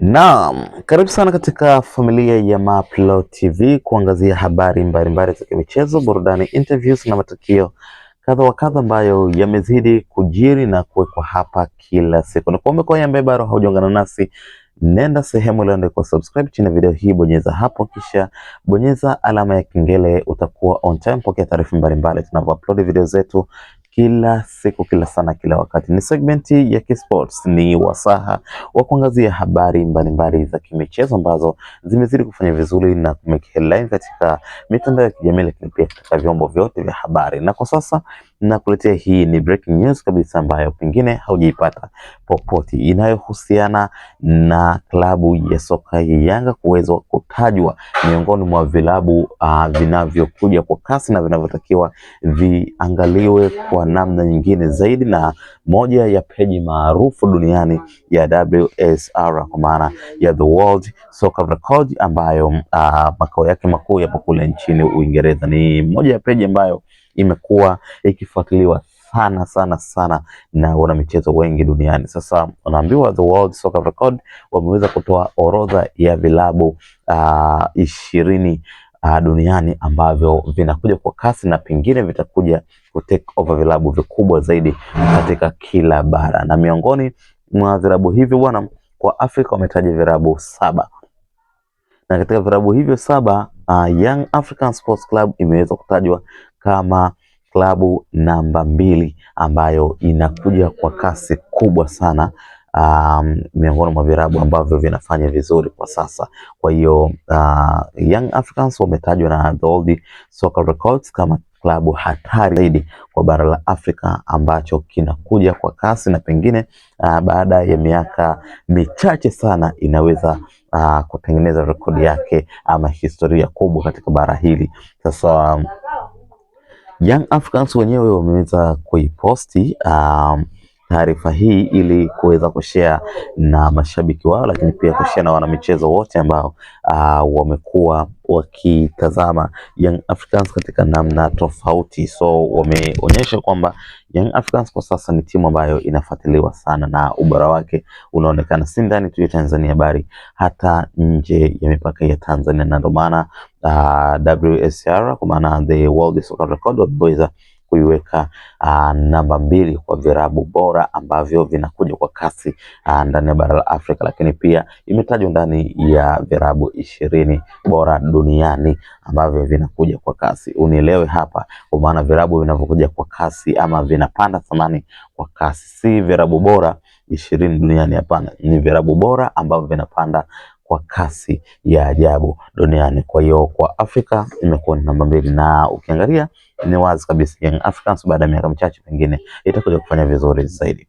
Naam, karibu sana katika familia ya Mapro TV kuangazia habari mbalimbali za michezo, burudani, interviews na matukio kadha wa kadha ambayo yamezidi kujiri na kuwekwa hapa kila siku. Na kuombe kwa ambaye bado haujaungana nasi, nenda sehemu iliyoandikwa subscribe chini ya video hii, bonyeza hapo, kisha bonyeza alama ya kengele. Utakuwa on time pokea taarifa mbalimbali tunapoupload video zetu kila siku, kila sana, kila wakati. Ni segmenti ya Kisports, ni wasaha wa kuangazia habari mbalimbali za kimichezo ambazo zimezidi kufanya vizuri na kumake headline katika mitandao ya kijamii, lakini pia katika vyombo vyote vya habari. Na kwa sasa nakuletea. Hii ni breaking news kabisa ambayo pengine haujaipata popote, inayohusiana na klabu ya soka ya Yanga kuweza kutajwa miongoni mwa vilabu uh, vinavyokuja kwa kasi na vinavyotakiwa viangaliwe kwa namna nyingine zaidi, na moja ya peji maarufu duniani ya WSR kwa maana ya The World Soccer Record ambayo uh, makao yake makuu yapo kule nchini Uingereza. Ni moja ya peji ambayo imekuwa ikifuatiliwa sana sana sana na michezo wengi duniani. Sasa wanaambiwa the World Soccer Record wameweza kutoa orodha ya vilabu uh, ishirini uh, duniani ambavyo vinakuja kwa kasi na pengine vitakuja ku take over vilabu vikubwa zaidi katika kila bara, na miongoni mwa vilabu hivyo bwana, kwa Afrika wametaja vilabu saba na katika virabu hivyo saba uh, Young African Sports Club imeweza kutajwa kama klabu namba mbili ambayo inakuja kwa kasi kubwa sana um, miongoni mwa virabu ambavyo vinafanya vizuri kwa sasa. Kwa hiyo uh, Young Africans wametajwa na The Old Soccer Records kama klabu hatari zaidi kwa bara la Afrika ambacho kinakuja kwa kasi na pengine uh, baada ya miaka michache sana inaweza uh, kutengeneza rekodi yake ama historia kubwa katika bara hili sasa. Um, Young Africans wenyewe wameweza kuiposti um, taarifa hii ili kuweza kushare na mashabiki wao, lakini pia kushare na wanamichezo wote ambao uh, wamekuwa wakitazama Young Africans katika namna tofauti. So wameonyesha kwamba Young Africans kwa sasa ni timu ambayo inafuatiliwa sana na ubora wake unaonekana si ndani tu ya Tanzania bali hata nje ya mipaka ya Tanzania, na ndio maana uh, ah, WSR kwa maana the World Soccer Record wameweza kuiweka uh, namba mbili kwa virabu bora ambavyo vinakuja kwa kasi uh, ndani ya bara la Afrika, lakini pia imetajwa ndani ya virabu ishirini bora duniani ambavyo vinakuja kwa kasi. Unielewe hapa, kwa maana virabu vinavyokuja kwa kasi ama vinapanda thamani kwa kasi, si virabu bora ishirini duniani, hapana, ni virabu bora ambavyo vinapanda kwa kasi ya ajabu duniani. Kwa hiyo kwa Afrika imekuwa ni namba mbili, na ukiangalia ni wazi kabisa Young Africans baada ya miaka michache pengine itakuja kufanya vizuri zaidi.